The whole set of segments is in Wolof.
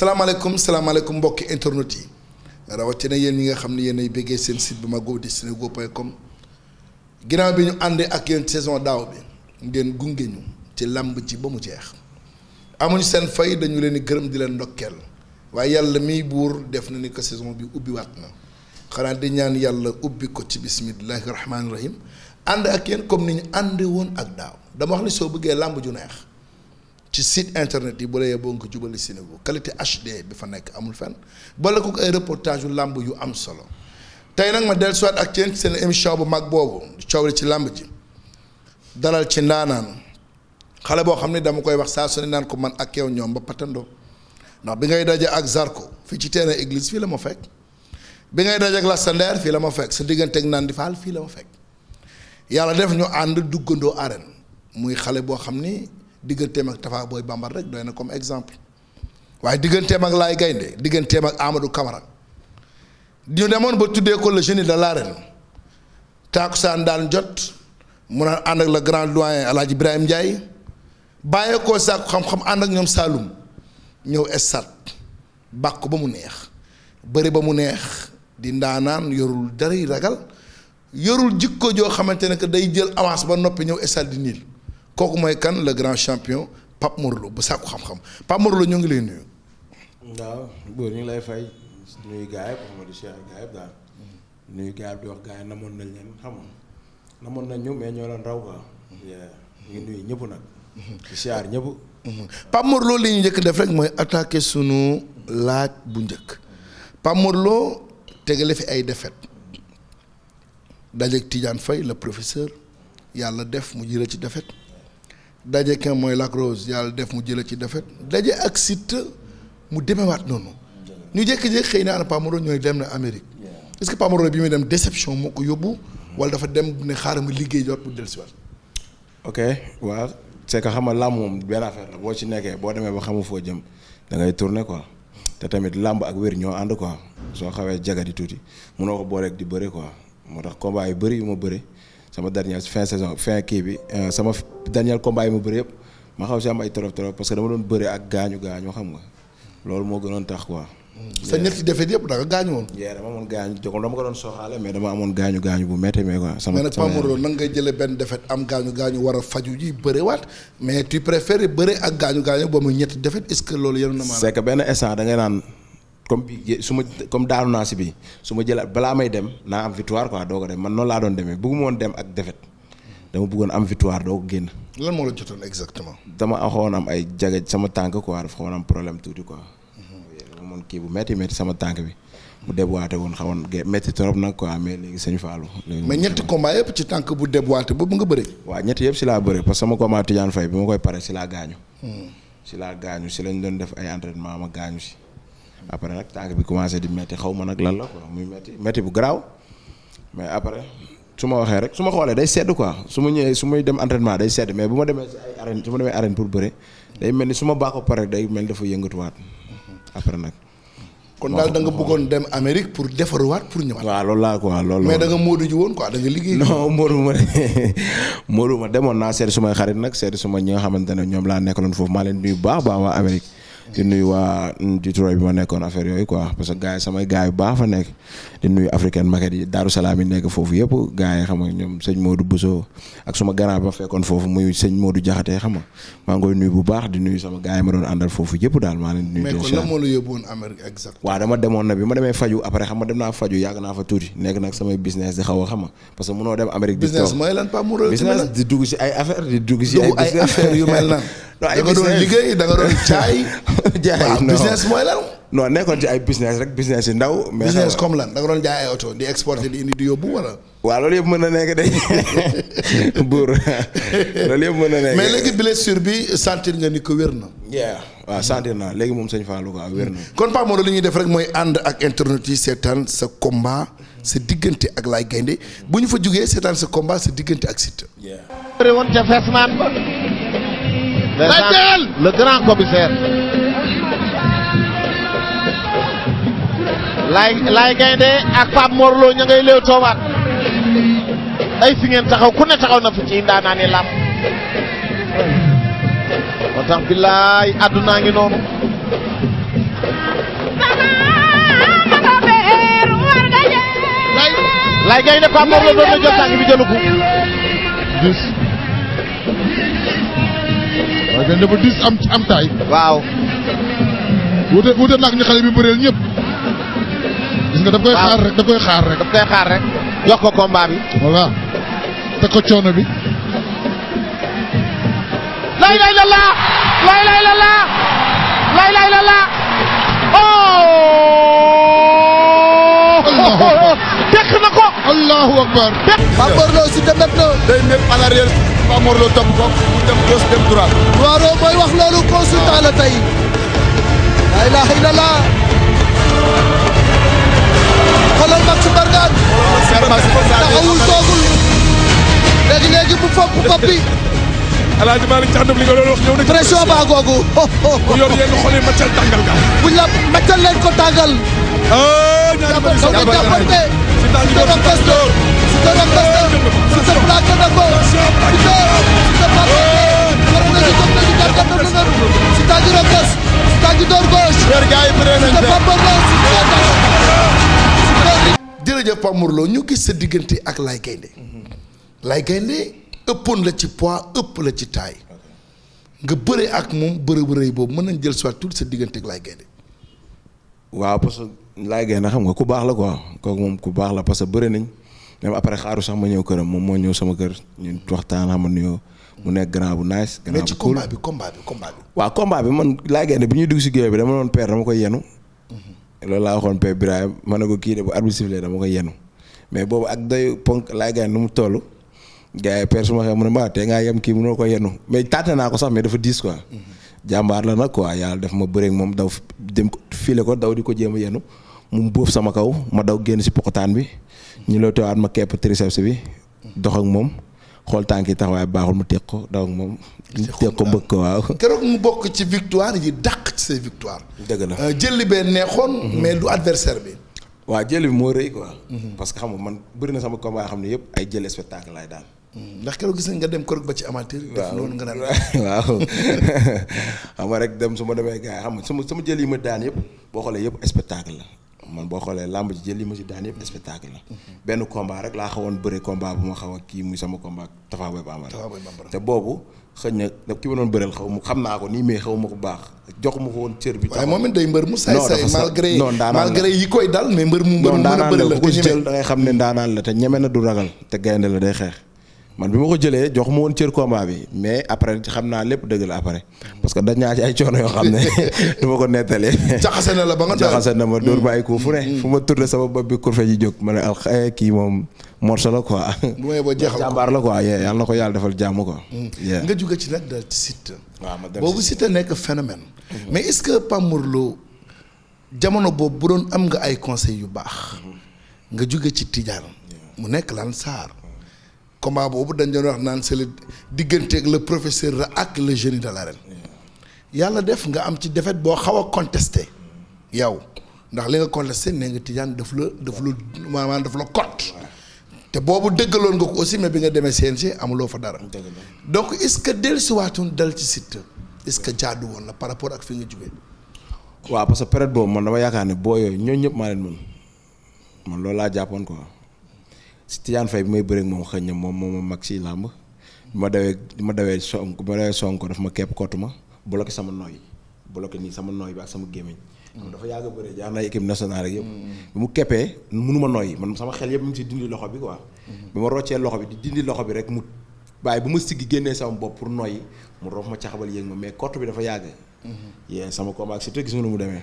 salaamaaleykum salaamaaleykum mbokki internet yi rawatina yéen yi nga xam ne yéen ay béggee seen site bu ma go di senego point com ginnaaw bi ñu àndee ak yéen saison daaw bi ngeen gunge ñu ci làmb ji ba mu jeex amuñu seen fay dañu leen di gërëm di leen ndokkeel waaye yàlla miy buur def na ni que saison bi ubbi waat na xanaa di ñaan yàlla ubbi ko ci bismillahi rahmaani rahim ànd ak yenn comme ni ñu àndee woon ak daaw dama wax ni soo bëggee làmb ju neex ci site internet yi bu la yeboo nga jubali Sénégal qualité HD bi fa nekk amul fenn boole ko ay reportage yu làmb yu am solo tey nag ma dellu si ak yéen seen émission bu mag boobu coow li ci làmb ji dalal ci ndaanaan xale boo xam ne dama koy wax saa su ne naan ko man ak yow ñoom ba patandoo ndax bi ngay dajee ak Zarko fii ci terrain église fii la ma fekk bi ngay daje ak Lassander fii la ma fekk sa diggante ak Nandi Fall fii la ma fekk yàlla def ñu ànd duggandoo arène muy xale boo xam ni. digganteem ak Tafa Boy Bambara rek doy na comme exemple waaye digganteem ak Laay Gaynde digganteem ak Amadou Camara ñu demoon ba tuddee ko le génie de l'arène taakusaan daal jot mu naan ànd ak le grand doyen El Hadj Ibrahima Ndiaye bàyyeekoo sàkku xam-xam ànd ak ñoom saalum ñëw estat bàkk ba mu neex bëri ba mu neex di naan yorul dara ragal yorul jikko joo xamante ne que day jël avance ba noppi ñëw estat di niil. kooku mooy kan la grand champion Pape Mor bu sàkku xam-xam Pape Mor Lo ngi lay nuyu. waaw buur ñu ngi lay fay nuyu gaay yëpp Amadou Cheikh gaay yëpp di wax gaay namoon nañ leen xam nga namoon nañ ñëw mais ñoo leen raw quoi. ñu ngi nuyu ñëpp nag. di siyaar ñëpp. Pape Mor Lo li njëkk def rek mooy attaqué sunu laaj bu njëkk Pape Mor tegale fi ay défaite dajeeg Tidiane Faye la professeur yàlla def mu jëlee ci défaite. daje kenn mooy Lac Rose yàlla def mu jëla ci defet daje ak Siteu mu demewaat noonu ñu jékki-jékki xëy na ana Pape Morone ñooy dem na Amérique est-ce que Pape Morone bi muy dem déception moo ko yóbbu wala dafa dem ne xaaral ma liggéey jot bu dellusiwaat. ok waaw c'est que xam nga làmb moom benn affaire boo ci nekkee boo demee ba xamu foo jëm da ngay ko te tamit làmb ak wér ñoo ànd quoi soo xawee jaga di tuuti mënoo ko booleeg di bëre quoi moo tax combat yu bëri yu ma bëri. sama dernière fin saison fin kii bi euh, sama dernier combat yi mu bëri yëpp ma xaw si am ay trop trop parce que dama doon bëri ak gaañu gaañu xam nga loolu moo gënoon tax quoi. sa ñetti défaite yëpp da nga gaañu woon. yee dama amoon gaañu gaañu bu métti mais quoi. sama sama mais benn défaite am gaañu gaañu war a faju ji bëriwaat mais tu préfères bëri ak gaañu gaañu ba mu ñetti défaite est ce que loolu yëngu na maanaam. c'est que benn instant da naan comme bi su ma comme daanu naa si bi su ma jëlaat balaa may dem naa am victoire quoi doo ko dem man noonu laa doon demee bëgguma woon dem ak défaite dama bëggoon am victoire doo ko génn. lan moo la jotoon exactement. dama xawoon am ay jage sama tànk quoi dafa xawoon am problème tuuti quoi. moom kii bu métti métti sama tànk bi. mu déboîté woon xawoon métti trop nag quoi mais léegi sëñ Fallou. mais ñetti combat yëpp ci tànk bu déboîté boobu nga bëri. waa ñetti yëpp si laa bëri parce que sama combat Tidiane Faye bi ma koy pare si laa gaañu. Hmm. si laa gaañu si lañ doon def ay entraînement ma gaañu si. après nag tànk bi commencé di metti xaw ma nag lan la quoi muy metti metti bu garaaw mais après su ma waxee rek su ma xoolee day sedd quoi su ma ñëwee su may dem entraînement day sedd mais bu ma demee si ay arène su ma demee arène pour bëre day mel ni su ma baaxoo pare day mel dafa yëngatuwaat après nag. kon daal da nga bëggoon dem Amérique pour pour ñëwaat. waaw loolu laa quoi loolu. mais da nga Modou woon quoi da nga liggéey. non Modou ma Modou ma demoon naa seeti sumay xarit nag seeti suma ñi nga xamante ne ñoom laa nekkaloon foofu leen nuyu bu baax baax waa Amérique. di nuyu waa Detroit bi ma nekkoon affaire yooyu quoi parce que gars yi samay gars yu baax fa nekk di nuyu africaine maquette yi daaru salaam yi nekk foofu yëpp gars yi xam nga ñoom sëñ Modou ak suma grand ba fekkoon foofu muy sëñ Modou Jaxate xam nga maa ngi koy nuyu bu baax di nuyu sama gars yi ma doon àndal foofu yëpp daal maa leen nuyu mais kon lan moo la yóbbuwoon Amérique exact waaw dama demoon na bi ma demee faju après xam nga dem naa faju yàgg naa fa tuuti nekk nag samay business di xaw a xam nga parce que munoo dem Amérique di business mooy lan pas di dugg si ay affaire di dugg si ay affaire yu mel no nekkoon ci ay business rek business yi ndaw. mais business comme lan da doon jaay ay oto di exporté di indi di yóbbu wala. waaw loolu yëpp mën na nekk de buur loolu yëpp mën na nekk. mais léegi blessure bi sentir nga ni ko wér na. waaw sentir naa léegi moom sëñ Fallou quoi wér na. kon Pape Modou li ñuy def rek mooy ànd ak internet yi seetaan sa combat sa diggante ak Laye Gaynde bu ñu fa jugee seetaan sa combat sa diggante ak Siteu. waaw. woon ca Fesman le grand commissaire. laay laay gaynde ak Pape Mor Lo ngay léew toowaat ay fi ngeen taxaw ku ne taxaw na fi ci ndaanaa ni moo tax billaay àddunaa ngi noonu laay gaynde Pape Mor doon na jël tànk bi jëlu ko dix waaye gaynde ba dix am am taay waaw wute wute nag ñu xale bi bëreel ñëpp gis nga daf koy xaar rek daf koy xaar rek. daf koy xaar rek jox ko combat bi. voilà te ko coono bi. lay lay la laa lay lay la laa lay lay la laa oh. tekk na ko. allahu akbar. Pape Morlo si dem na. day mépp à l'arrière Pape Morlo topp ko mu dem gauche dem droite. waaw mooy wax loolu consultant la tey. lay lay la laa. xoolal Max Mbargane. taxawul toogul. léegi léegi bu fopp bopp bi. Alaaji Malick Thiandoum li nga doon wax ñëw na. pression baa googu. bu yor yenn xol yi màccal tàngal ga. buñ la màccal leen ko tàngal. jàppal ko nga jàppante. si tànn fes ko si tànn fes ko si sa plaqué na ko. si tànn fes. si tànn door gauche. si tànn fes. jërëjëf Pape Mor Lo ñu gis sa diggante ak Laye Gaynde Laye Gaynde ëppoon la ci pois ëpp la ci taay nga bëre ak moom bëre bu boobu mën nañ jël soit tout sa diggante ak Laye Gaynde waa parce que Laye Gaynde xam nga ku baax la quoi kooku moom ku baax la parce que bëre nañ même après xaaru sax ma ñëw këram moom moo ñëw sama kër ñun waxtaan xam nga nuyoo mu nekk grand bu nice. grand bu bi combat bi combat bi. bi man Laye Gaynde bi ñuy dugg si géew bi dama doon perdre dama koy yenu loolu laa waxoon Père Birahim ma ne ko kii de bu arbitre sifflé dama ko yenu mais boobu ak doy ponk laay gaañ nu mu toll gars yi Père su ma xee mu ne ma tey ngaa yem kii mënoo ko yenu mais tàtte naa ko sax mais dafa diis quoi. jàmbaar la nag quoi yàlla def ma bëreeg moom daw dem file ko daw di ko jéem a yenu mu mu bóof sama kaw ma daw génn si pokotaan bi ñu loo teewaat ma kepp triceps bi dox ak moom. xool tànk yi taxawaay baaxul mu teg ko daw moom. teg ko bëgg ko waaw. keroog mu bokk ci victoire yi dàq ci say victoire. dëgg la euh, jëli bee neexoon. Mhm. mais du adversaire bi. waaw jëli bi moo rëy quoi. Mhm. parce que xam nga man bëri na sama combat xam ne yëpp ay jëli spectacle laay daan. Mhm. ndax keroog gis nga dem keroog ba ci amateur. def loolu nga naan waaw xam nga rek dem su ma demee gars yi xam nga sama sama jël yi ma daan yëpp boo xoolee yëpp spectacle la. man boo xoolee làmb jël li ma si daan yëpp spectacle la benn combat rek laa xawoon bëre combat bu ma xaw a kii muy sama combat Tapha Boy Bambara te boobu xëy na ki ma doon bëreel xaw ma xam naa ko nii mais xaw ma ko baax jox ma ko woon cër bi waaye moom it day mbër mu saay saay malgré malgré yi koy dal mais mbër mu mbër mu mën a bëri la ko jël da xam ne ndaanaan la te ñeme na du ragal te gaynde la day xeex man bi ma ko jëlee jox ma woon cër combat bi mais après xam naa lépp dëgg la après parce que dañ ci ay coono yoo xam ne du ma ko nettalee. jaxase na la ba nga jaxase na ma dóor mm. bàyyi ko fu ne. Mm. fu ma tourné sama bopp bi kurfe ji jóg ma ah, eh, moom morso la quoi. bu may boo jeexal jàmbaar la quoi yàlla na ko yàlla defal jàmm quoi. Mm. nga jóge ci nag daal ci Siteu. waaw ma dem boobu Siteu nekk phénomène. Mm-hmm. mais est-ce que Pape Mor Lo jamono boobu bu doon am nga ay conseils yu baax. Mm-hmm. nga jóge ci Tidiane. mu nekk lan saar. comment boobu dañ doon wax naan c'est le diggante ak le professeur la ak le génie de l'arène yàlla def nga am ci défaite boo xaw a contesté yow ndax li nga contesté nee nga Tidiane daf la daf la maanaam daf la cote te boobu dëggaloon nga ko aussi mais bi nga demee CNG amuloo fa dara. donc est-ce que dellusiwaatoon dal ci site est-ce que jaadu woon la par rapport ak fi nga jugee. waaw parce que période boobu man dama yaakaar ne boo yooyu ñooñ ñëpp maa leen mën man loolu laa jàppoon quoi. si Tidiane Faye bi may bëreeg moom xëy na moom moo ma mag si làmb bi ma dawee bi ma dawee sonk bi ma daf ma képp kottu ma bloqué sama nooy bloqué nii sama nooy bi ak sama gémmiñ dafa yàgg a bëree jaar na équipe rek yëpp mm-hmm. bi mu keppee munuma nooyi man sama xel yëpp mu si dindi loxo bi quoi mm-hmm. bi ma roccee loxo bi di dindi loxo bi rek mu waaye bu ma siggi génnee sama bopp pour nooyi mu roof ma caxabal yéeg ma mais kott bi dafa yàgg mm-hmm. yee sama combat surtout gis nga nu mu demee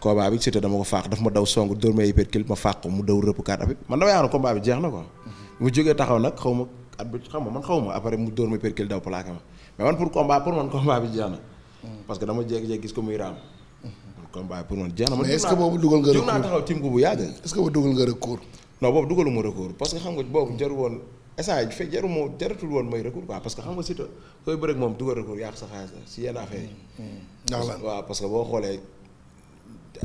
combat bi Siteu dama ko faax daf ma daw song dóor ma hypercule ma faax ko mu daw rëpp kaat abit man dama yaakaar combat bi jeex na ko mhm. mu jógee taxaw nag xaw ma at bi xam ma man xaw ma après mu dóor ma hypercule daw plaqué ma mais man pour combat pour man combat bi jeex mhm. que dama jékki mhm. boobu dugal nga recours naa boobu dugal nga parce que xam nga boobu jaru woon essage fekk jaru jaratul woon may recours quoi parce que xam nga Siteu koy bëre moom dugal recours yàq sa xaalis si yenn affaire yi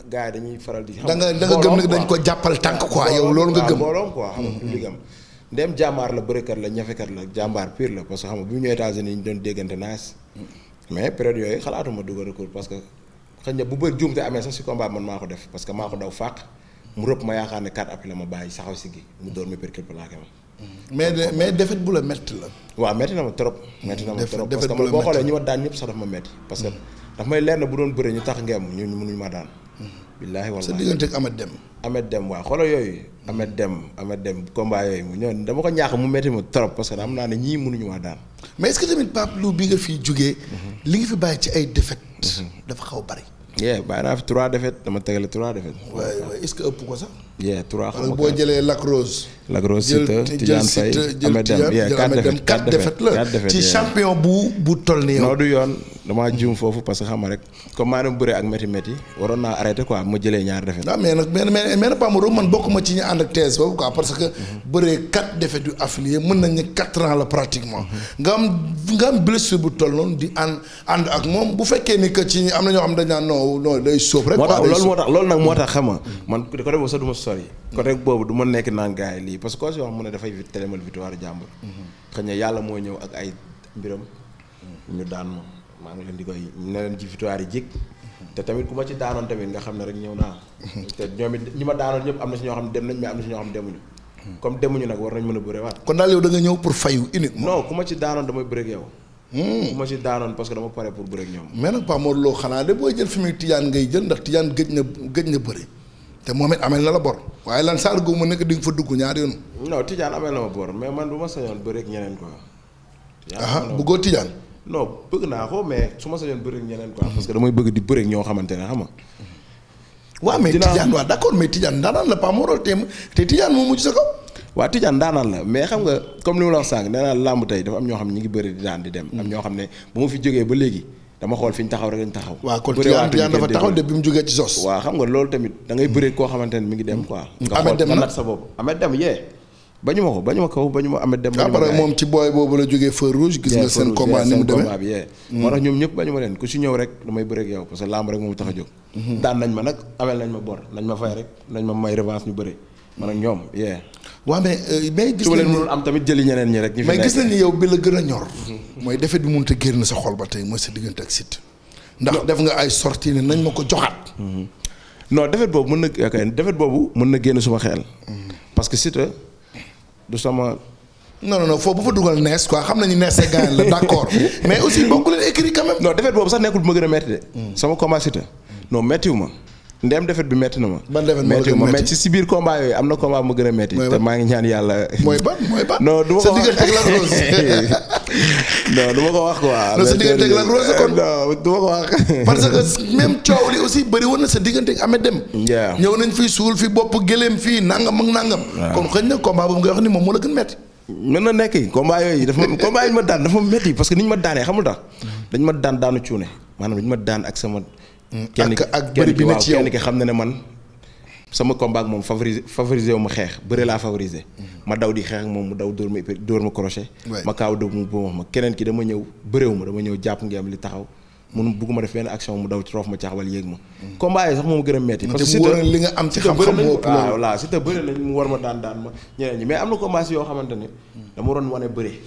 gars yi dañuy faral di. da nga da nga gëm ne dañ ko jàppal tànk quoi yow loolu nga gëm mbooloom quoi ndem jàmbaar la bërekat la ñafekat la jàmbaar pire la parce que xam nga bu déggante na bu bëri juumte amee sax si combat man maa ko def parce que maa ko daw fàq mu rëpp ma yaakaar ne quatre appuis ma bàyyi saxaw si gi mu door ma percule plaqué ma mm-hmm. mais mais bu la métti la. waaw métti na ma trop. métti mm-hmm. na ma trop que boo xoolee ñi ma daan ñëpp sax daf ma métti. parce que mm-hmm. daf may leer na bu doon bëri ñu ma daan. billaahi wallaahi sa diggante ak Amath Deme. Amath Deme waaw xoolal yooyu. Amath Deme Amath Deme combat yooyu ñoom dama ko ñaax mu métti mu trop parce que am naa ne ñii mënuñu maa daan. mais est tamit Pape bi nga fi jógee. Mhm. li nga fi bàyyi ci ay défaites. Mhm. dafa xaw a bari. yeah bàyyi naa fi trois défaites dama tegale trois défaites. waay waay ëpp ko sax. yeah trois xam boo jëlee Lac Rose. Lac Rose jël jël Tidiane jël Amath Deme quatre ci champion bu bu toll nii yow. du yoon. damaa jiw foofu parce que xam nga rek comme maa doon bëre ak métti métti waroon naa arrêté quoi ma jëlee ñaar defet waaw mais nag mais mais mais Pape la pratiquement nga am nga moom bu fekkee ni que ci am na ñoo xam dañ naan non non day sóob moo tax loolu nag moo tax xam nga man côté boobu sax du ma sori côté boobu du ma nekk naan lii parce que koo si wax mu ne dafay télémal victoire jàmbur mhm. xëy yàlla moo ñëw ak ay mbiram ñu daan moom maa ngi leen di koy ne leen ci victoire yi jik tamit ma ci daanoon nga xam ne rek ñëw naa te ñoom it ma daanoon ñëpp am na si ñoo xam ne dem na si ñoo xam ne demuñu comme demuñu nag war nañ mën a bëre waat kon daal ma ci daanoon damay bëre ak yow hmm. ku pour bëre ak ñoom mais nag Pa Modou Lo xanaa de booy jël fi muy Tidiane ngay jël ndax Tidiane gëj na gëj na bëre te moom it amel na la bor waaye lan saar gu ma nekk di fa dugg ñaar yoon non Tidiane amel na ma bor mais man bu ma sañoon bëre ak ñeneen quoi aha bëggoo Tidiane non bëgg naa ko mais su ma sañoon bëri ak ñeneen quoi. parce que mhm. damay bëgg di bëri ñoo xamante ne xam nga. waaw mais Tidiane waaw d' accord mais Tidiane daanaan la pas moral moo mujj sa kaw. waaw Tidiane daanaan xam nga comme li ma la wax sànq nee làmb tey dafa am ñoo xam ne ñu ngi bëri di daan di dem. am mhm. ñoo xam ne ba ma fi jógee ba léegi dama xool fi ñu taxaw rek lañ taxaw. waa kon Tidiane Tidiane dafa taxaw de bi mu jógee ci sos. waaw xam nga loolu tamit da ngay bëri koo xamante ne mi ngi dem mhm. quoi. nga xool sa bopp Ameth Deme yee bañu ma ko bañu ma ko bañu ma Ahmed Deme. bañu ma après moom ci booy boobu la jógee feu rouge. gis nga seen combat mu demee moo tax ñoom ñëpp bañu leen ku si ñëw rek damay a jóg. Mm-hmm. daan nañ ma nag amel nañ bëri ak ñoom yee. waaw euh, am rek. ñu fi a ñor. Mm-hmm. a ndax def nga ay sortie ne nañ ma ko joxaat. Mm-hmm. non defet boobu mën na defet boobu mën na génn suma xel parce que du sama. non non non foofu bu fa dugal nees quoi xam nañu nees gaañ la d'accord mais aussi bokk leen écrit quand même. non boobu sax nekkul bu ma gën a metti de. Hmm. sama combat non méttiwu ma. ndem defet bi metti na ma. ban defet moo la gën metti si biir combat yooyu am na combat mu gën a metti. te maa ngi ñaan yàlla. mooy ban mooy ban. non ma ko wax sa diggante ak Lac Rose. non du sa diggante ak Lac na sa diggante ak Ameth bopp gëléem fii nangam ak nangam. kon xëy na combat boobu nga wax ni moom moo la gën metti. mën na nekk combat yi ma daan dafa metti parce que ni ñu ma daanee xamul tax mm-hmm. dañ ma daan daanu cuune maanaam dañ ma daan ak sama Mm. ak ak bëri bi na kenn ki xam na ne man sama combat ak moom favoriser favoriser wu ma xeex bëri laa favoriser. Mm. ma daw di xeex ak moom mu daw dóor ma dóor ma crochet. ma kaaw dóor mu ba ma keneen ki dama ñëw bëréew ma dama ñëw jàpp ngi li taxaw. mun bugguma def benn action mu daw roof ma caax wala yéeg ma. combat yi sax moom gën a metti. parce si te li nga moo ëpp loolu mu war ma daan daan ma ñeneen ñi am na combat yoo xamante ne. dama waroon wane bëri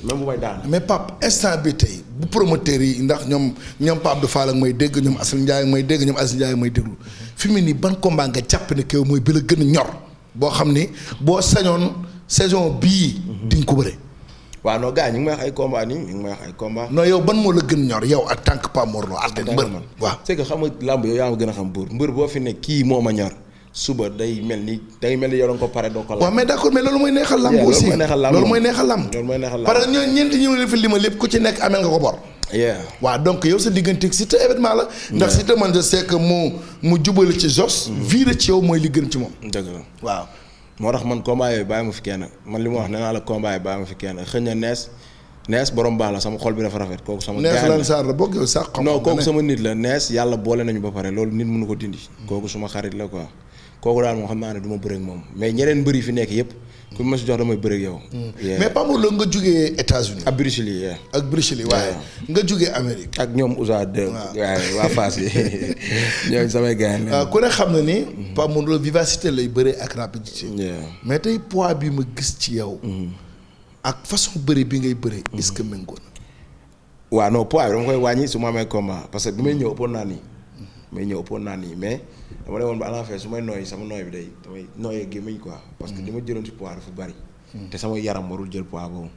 mais Pape instant bi tey bu promoteur yi ndax ñoom ñoom Pape du Fall ak may dégg ñoom Assane Ndiaye may dégg ñoom Assane Ndiaye ak may déglu fi ban combat nga jàpp ne kéw mooy bi la gën a ñor boo xam ni boo sañoon saison bii. Mhm. di nga ko bëre. waaw non gars yi ñu ngi may wax ay combat nii ñu may ay combat non yow ban moo la gën ñor yow ak tant que pas Mor Lo waaw c'est que xam nga làmb yow yaa ma gën a xam buur mbër boo fi ne kii moo ma ñor suba day mel ni day mel ni yoroon ko pare doo ko. waaw mais mooy neexal lamb aussi loolu mooy neexal lamb loolu ñoo ñeenti ñëw li fi lépp ku ci nekk amel nga ko bor waaw donc yow sa digganteeg Siteu événement la ndax Siteu man je sais que mu mu jubali ci jos mm-hmm. viré ci yow mooy li gën ci moom dëgg la waaw moo tax man combat yooyu bàyyi ma fi kenn man li ma wax nee naa la combat yi bàyyi ma fi kenn xëñ na nees nees borom baax la sama xol bi dafa rafet kooku sama nees la bokk yow sax xam kooku sama nit la nees yàlla boole nañu ba pare loolu nit mënu ko dindi kooku suma xarit la quoi kooku daal moo xam naa ne duma ma bëre moom mais ñeneen mbër yi fi nekk yëpp ku ma si jox damay bëri yow. Hmm. mais Pape nga jóge États-Unis ak Bruce Lee ak Bruce waaye nga jugee Amérique. ak ñoom Ousa de. waaw waa Fass yi ñooñu samay gars yi. Ah, ku ne xam na ni. Hmm. Pape Mor vivacité lay bëri ak rapidité. mais tey poids bi ma gis ci yow. Hmm. ak façon bëri bi ngay bëri. est-ce que méngóo na. waaw non poids bi dama koy wàññi su ma amee combat parce que bi may ñëw ëppoon naa nii. may ñëw ëppoon naa nii mais. dama ne woon ba à su may nooyi sama nooy bi day damay nooyee gémmiñ quoi. parce que li mm. ma jëloon ci poids dafa bari. Mm. te sama yaram warul jël pois boobu.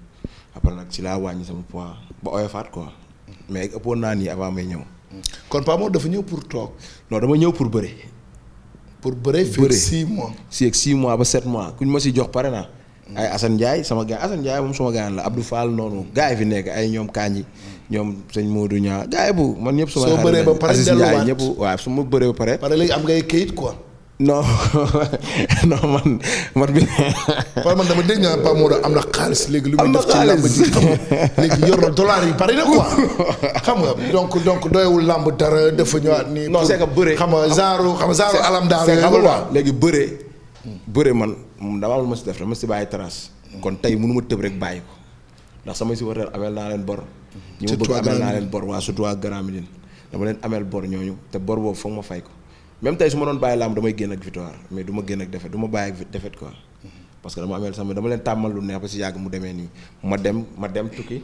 après nag si laa wàññi sama pois ba oyofaat ko mm. mais ëppoon naa nii avant may ñëw. kon Pape dafa ñëw pour toog. non dama ñëw pour bëre. pour bëre fii ak 6 mois. fii ak 6 mois ba set mois kuñ ma si jox pare naa. ay Assane Ndiaye sama gars Assane Ndiaye moom sama gars la Abdou Fall noonu gars fi nekk ay ñoom Kaañi ñoom sëñ moo Niang gars yi bu man ñëpp. soo bëree ba pare ma bëree ba pare. pare léegi am ngay kayit quoi. non non man man dama dégg nga Pape Modou am na xaalis xam nga donc donc doyewul làmb dara dafa ñëwaat nii. non c'est xam nga genre xam nga genre alam léegi bëre. bëre man. mu am ma si def dama si bàyyi trace. kon tey mënu ma tëb rek bàyyi ko ndax samay supporters amel naa leen bor. ñi ma bëgg amel naa leen bor waa surtout waa Grand te bor boobu foog ma fay ko même tey su ma doon bàyyi làmb damay génn ak mais ma génn ak défaite ma bàyyi ak défaite quoi. parce que dama amel sama dama leen tàmmal lu neex ba si yàgg mu demee nii ma dem ma dem tukki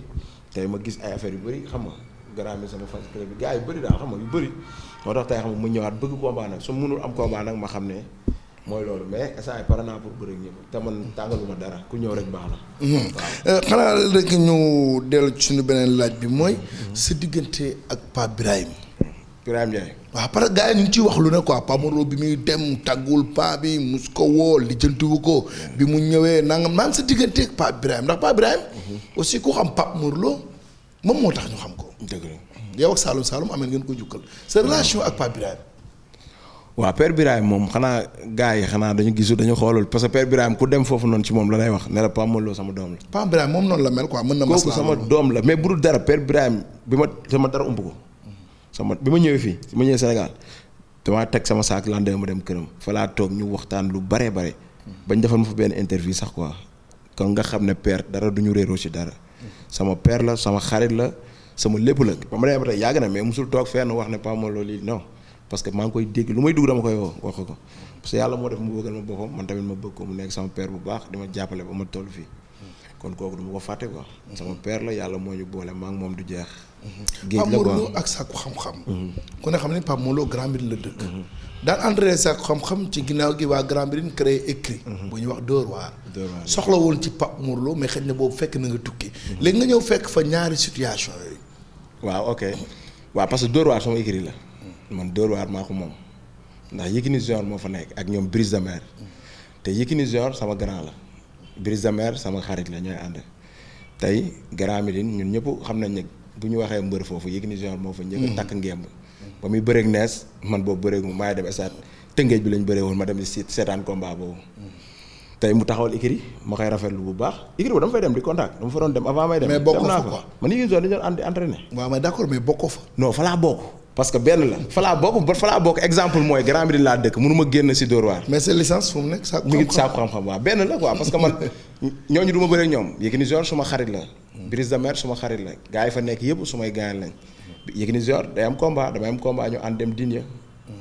tey ma gis ay affaire yu bëri xam nga Grand mi sama fan club bi gars yu bëri daal xam ma yu bëri moo tax tey xam mu ñëwaat bëgg combat nag su mënul am combat nag ma xam ne mooy loolu mais instant yii pare naa pour bëri ñëpp te man tàngaluma dara ku ñëw rek baax na. Mhm. Euh, xanaa rek ñu dellu ci suñu beneen laaj bi mooy. sa diggante ak Pape Birahim. Birahim Ndiaye. waaw parce que gars yi ñu ngi ciy wax lu ne quoi Pape Moro bi muy dem tàggul Pape bi mus ko woo lijjantiwu ko. bi mu ñëwee nangam naan sa diggante ak Pape Birahim ndax Pape Birahim. Mhm. aussi ku xam Pape Moro moom moo tax ñu xam ko. dëgg la yow ak Saloum Saloum amee ngeen ko jukkal sa relation ak Pape waaw Père Birahim moom xanaa gars yi xanaa dañu gisu dañu xoolul parce que Père Birahim ku dem foofu noonu ci moom la lay wax ne la Pape doom la. Pape moom noonu la mel quoi mën na. kooku doom la mais bu dul dara Père Birahim bi ma sama dara ump ko. sama bi ma ñëwee fii bi ma ñëwee Sénégal damaa teg sama saak lan ma dem këram fa laa toog ñu waxtaan lu bare bare. bañ defal ma fa benn interview sax quoi kon nga xam ne Père dara du ñu réeroo ci dara. sama Père la sama xarit la sama lépp la ba ma demee a tey yàgg na mais musul toog fenn wax ne Pape Modou lii non. parce que maa ngi koy dégg lu may dugg dama koy woo wax ko parce yàlla moo def mu bëggal ma boppam man tamit ma bëgg ko mu nekk sama père bu baax di ma jàppale ba ma toll fii kon kooku du ma ko fàtte quoi. sama père la yàlla moo ñu boole maa moom du jeex. géej la quoi ak sàkku xam-xam. Mhm. ku xam ne Pape Modou Lo la dëkk. Mhm. daan entraîné sàkku xam ci ginnaaw gi waa Grand Médine créé écrit mhm. bu ñuy wax Dóor soxla woon ci Pape Modou Lo mais xëy na boobu fekk na nga tukki. léegi nga ñëw fekk fa ñaari situation yooyu. waaw ok waa parce que Dóor waar sama écrit la. man Dóor waar maa ko moom ndax Yékini Junior moo fa nekk ak ñoom Brise de te Yékini Junior sama grand la Brise de sama xarit la ñooy ànd tey Grand Médine ñun ñëpp xam nañ ne bu ñu waxee mbër foofu Yékini Junior moo fa njëkk a hmm. takk ngemb ba muy bëreeg nees man boobu bëreegu maay dem stade tëngeej bi lañ bëree woon ma dem si seetaan combat boobu hmm. tey mu taxawal Ikri ma koy rafetlu bu baax Ikri boobu dama fay dem di contact dama fa doon dem avant may dem. mais bokkoo fa quoi man Yékini Junior dañu doon ànd entraîné. waaw mais d'accord mais bokkoo parce que benn la falaa bokk ba falaa bokk exemple mooy Grand Médine laa dëkk mënuma génn si Dóor waar. mais sa licence fu mu nekk sa. mi ngi sa xam-xam waaw benn la quoi parce que man ñooñu du ma ñoom Yékini suma xarit la. Brise de suma xarit la gars yi fa nekk yëpp sumay gaañ lañ. Yékini day am combat damay am combat ñu ànd dem Digne.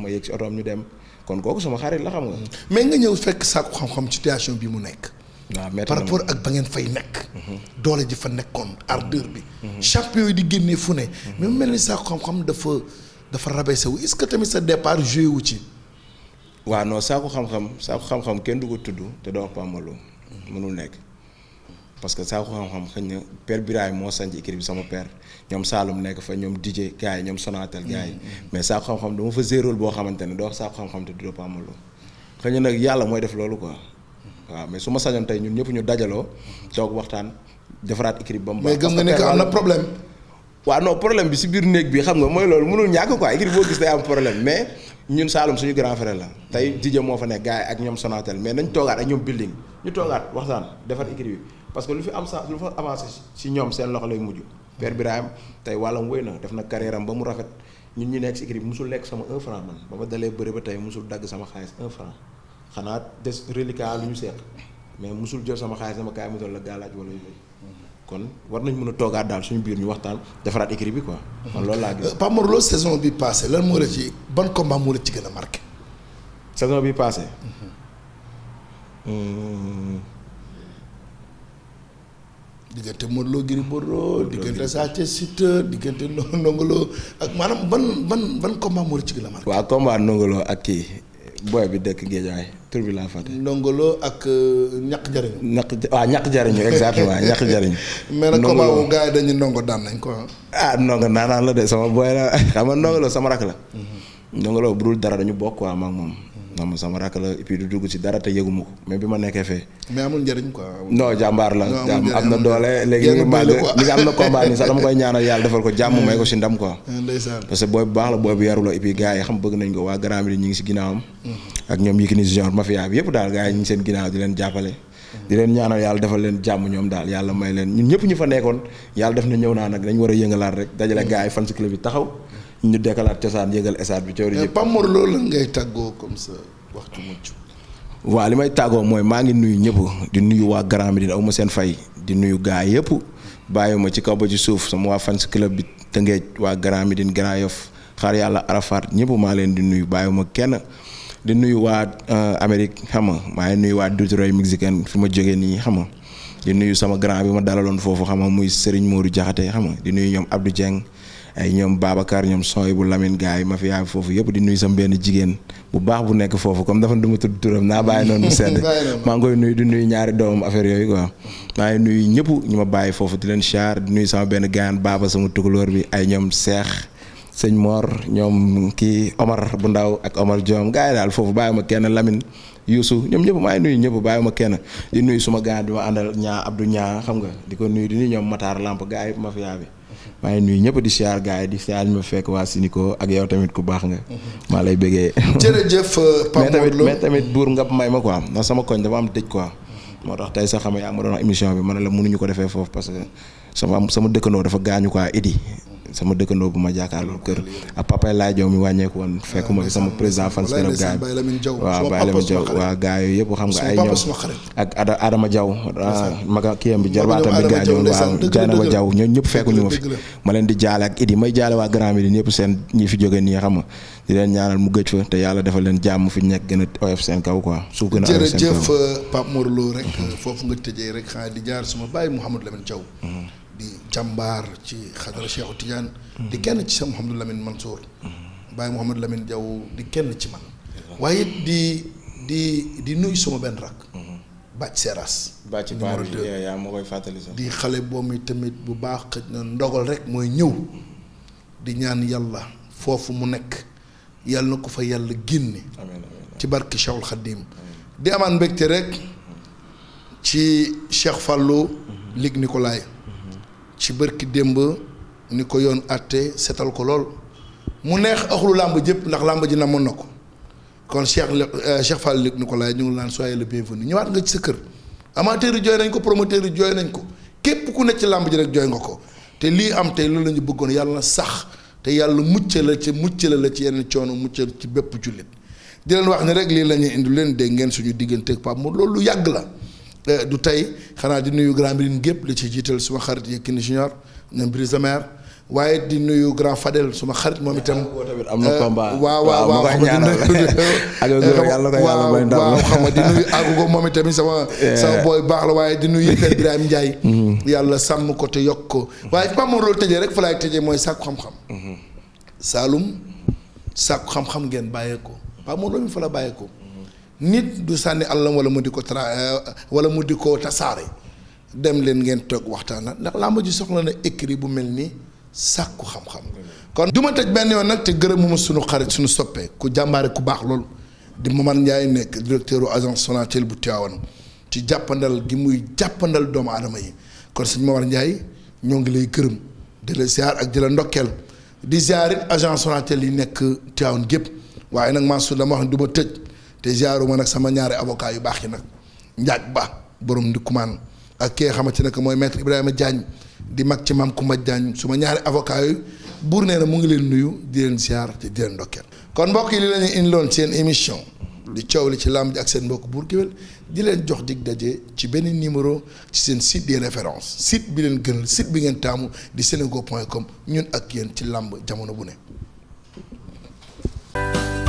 ma yéeg si otoom ñu dem kon kooku suma xarit la xam nga. mais nga ñëw fekk sàkku xam-xam situation bi mu nekk. waaw par ba ngeen fay nekk. Mhm. doole bi. Mhm. champion yi di génnee dafa rabaissé wu est-ce que tamit sa départ joué wu ci. waaw non saako xam-xam saako xam-xam kenn du ko tudd te doo ko amaloo mënul nekk parce que saako xam-xam xëy na père Biraay moo sanc équipe bi sama père ñoom Saalum nekk fa ñoom DJ gars yi ñoom Sonatel gars mm. mais saako xam-xam dama fa zérool boo xamante ne doo saako xam-xam te du doo ko amaloo xëy na nag yàlla mooy def loolu quoi waaw mais su ma sañoon tey ñun ñëpp ñu dajaloo toog waxtaan defaraat équipe ba mu baax mais gëm nga ne am na problème. waaw non problème bi si biir néeg bi xam nga mooy loolu mënul ñàkk quoi écrit boo gis day am problème mais ñun Saalum suñu grand frère la tey DJ moo fa ne gars yi ak ñoom Sonatel mais nañ toogaat ak ñoom ñu toogaat waxtaan defar écrit parce que lu fi am sa lu fa avancé si ñoom seen loxo lay mujj Père Birahim tey wàllam wéy na def na carrière am ba mu rafet ñun ñu nekk si écrit bi musul lekk sama un franc man ba ma dalee bëri ba tey musul dagg sama xaalis un franc xanaa des reliquat lu ñu seeq mais sama xaalis sama kaay mu doon la gaalaaj kon war nañ mën a toogaat daal suñu biir ñu waxtaan defaraat écrit bi ko man loolu laa gis. Euh, Pape saison bi passé lan moo la ci ban combat moo la ci gën a marqué. saison bi passé. Mm-hmm. Euh, diggante Modou Lo Gris Bordeaux diggante Sa Thiès Siteu diggante Ndongo Lo ak maanaam ban ban ban combat moo la ci gën a marqué. waa combat Ndongo Lo ak kii. booy bi dekk Géejawaay tur bi laa fàtte. ndongolo ak euh, ñaq jariñu. ñaq waaw ñaq jariñu exactement ñaq jariñu. mais nag combat wu gars yi dañuy ndongo daan nañ ko ah, ah ndongo naanaan la de sama booy la xam nga ndongolo sama rak la. Mhm. ndongolo bu dul dara dañu bokk waa maag moom. sama sama rakk la et du dugg si dara te yëgu ko mais bi ma nekkee fee. mais amul njëriñ quoi. non jàmbaar la. am na doole léegi ñu ngi màgg li nga am nii sax dama ko jàmm may ko ci ndam quoi. parce que booy bu baax la booy bu yaru la et yi xam bëgg nañ ko waa grand bi ñu ngi ci ginnaawam. Mm-hmm. ak ñoom yi ki ni genre mafia bi yëpp daal gars yi ñu ngi seen ginnaaw di leen jàppale. Mm-hmm. di leen ñaanal yàlla defal leen jàmm ñoom daal yàlla may leen ñun ñëpp ñu fa nekkoon yàlla def na ñëw naa nag dañ war a yëngalaat rek dajale mm-hmm. gars yi fan ci bi taxaw ñu dekkalaat cosaan yëgal esaat bi coow yëpp. Pape loolu ngay tàggoo comme ça waxtu mucc. waa li may tàggoo mooy maa ngi nuyu ñëpp di nuyu waa Grand Médine aw ma seen fay di nuyu gaa yëpp bàyyi ma ci kaw ba ci suuf sama waa fans club bi Tëngéej waa Grand Médine Grand Yoff xaar yàlla Arafat ñëpp maa leen di nuyu bàyyi ma kenn. di nuyu waa euh, Amérique xam nga maa ngi nuyu waa Dutroy mexicaine fi ma jógee nii xam di nuyu sama grand bi ma dalaloon foofu xam nga muy Serigne Modou Diakhaté xam nga di nuyu ñoom Abdou Dieng. ay ñoom Babacar ñoom sooy bu Lamine gars yi ma fi yaay foofu yëpp di nuyu sam benn jigéen bu baax bu nekk foofu comme dafa du ma tudd turam naa bàyyi noonu mu sedd maa ngi koy nuyu di nuyu ñaari doomam affaire yooyu quoi maa nuyu ñëpp ñu ma bàyyi foofu di leen char di nuyu sama benn gaan baaba sama tukulóor bi ay ñoom seex sëñ Mor ñoom kii Omar bu ndaw ak Omar Diom gars yi daal foofu bàyyi ma kenn Lamine Youssou ñoom ñëpp maa ngi nuyu ñëpp bàyyi ma kenn di nuyu suma gaan bi ma àndal ñaa Abdou ñaa xam nga di ko nuyu di nuyu ñoom Matar Lamp gars yi mafia bi maa ngi nuyu ñëpp di siyaar gars yi di siyaar ñu fekk waa Sinico ak yow tamit ku baax nga. maa lay bëggee. jërëjëf euh, Pape Modou Lo tamit buur nga may ma quoi na sama koñ dafa am dëj quoi. moo tax tey sa xam nga yaa ma doon wax émission bi ma ne la munuñu ko defee foofu parce que sama sama dëkkandoo dafa gaañu quoi Idi. sama dëkkandoo bu ma jàkkaarloo kër ak papa laay jow mi wàññeeku woon fekk ma sama président fan si club gaay waaw Baye Lamine Diaw waaw gaay yooyu yëpp xam nga ay ñoom ak Ada Adama Diaw ah, maga kiyam bi jarbaatam ñëpp fekku ma fi ma leen di jaale ak idi may jaale waa Grand Médine ñëpp seen ñi fi jóge nii xam nga di leen ñaanal mu gëj fa te yàlla defal leen jàmm fi nekk gën a oyof seen kaw quoi suuf gën a oyof seen kaw jërëjëf foofu nga tëjee rek xanaa di jaar suma bàyyi Mouhamadou Lamine Diaw mm-hmm. di càmbar ci xadara Cheikhu Tidiane mm-hmm. di kenn ci sa Mouhamadou Lamine Mansour mm-hmm. Baye Mouhamadou Lamine Diaw di kenn ci man waaye di di di nuyu sama benn rakk mm-hmm. bàcc seeraas di xale boobu tamit bu baax xëj na ndogal rek mooy ñëw di ñaan yàlla foofu mu nekk yàlla na ko fa yàlla génne ci barki Cheikhul Khadim di amaan mbégte rek ci Cheikh Fallou Ligue Nicolas ci bërki démb ni ko yoon àtte seetal ko lool mu neex axlu làmb jëpp ndax làmb ji namoon na ko kon Cheikh euh, Cheikh Fall Luc Nicolaï ñu ngi naan soyez le bienvenu ñëwaat nga ci sa kër amateur yi jooy nañ ko promoteur yi jooy nañ ko képp ku nekk ci làmb ji rek jooy nga ko te lii am tey loolu la ñu bëggoon yàlla na sax te yàlla mucc la ci mucc la la ci yenn coono mucc ci bépp jullit di leen wax ni rek lii la ñuy indi leen dégg ngeen suñu digganteeg Pape Modou loolu lu yàgg la. Eh, du tey xanaa di nuyu grand Birine gépp li ci jiital suma xarit Yékini Junior ñoom Brise Mer waaye di nuyu grand Fadel suma xarit moom itam. am na eh, combat waaw waaw waaw xam di nuyu agogo moom itam sama. booy baax la waaye di nuyu Père Birame Ndiaye. Mm-hmm. yàlla sàmm ko te yokk ko. Mm-hmm. waaye fi ma amoon rek fa laay tëjee mooy sàkku xam-xam. Mm-hmm. Saalum ngeen bàyyeekoo. waaw moom loolu fa la bàyyeekoo. nit du sànni àllam wala mu di ko tra eh, wala mu di ko tasaare dem leen ngeen toog waxtaan ndax làmb ji soxla na écrit bu mel nii sàkku xam-xam kon du ma tëj benn yoon nag te gërëm mu ma suñu xarit suñu soppee ku jàmbaare ku baax loolu di ma Momar Ndiaye nekk directeur agence Sonatel bu Tivaouane ci jàppandal gi muy jàppandal doomu aadama yi kon ma Momar Ndiaye ñoo ngi lay gërëm di la ziar ak di la ndokkeel di ziar it agence Sonatel yi nekk Tivaouane gépp waaye nag Mansour dama wax ne du ma tëj te ziaru ma nag sama ñaari avocat yu baax yi nag njaag ba borom ndikkumaan ak kee xamante ne que mooy maître Ibrahima Diagne di mag ci maam Kumba Diagne su ma ñaari avocat yooyu buur nee na mu ngi leen nuyu di leen ziar te di leen ndokkeel kon mbokk yi li la indiloon seen émission di coow li ci làmb ji ak seen mbokk Bour Gueweul di leen jox dig daje ci benn numéro ci seen site des références site bi leen gënal site bi ngeen taamu di senego point com ñun ak yéen ci làmb jamono bu ne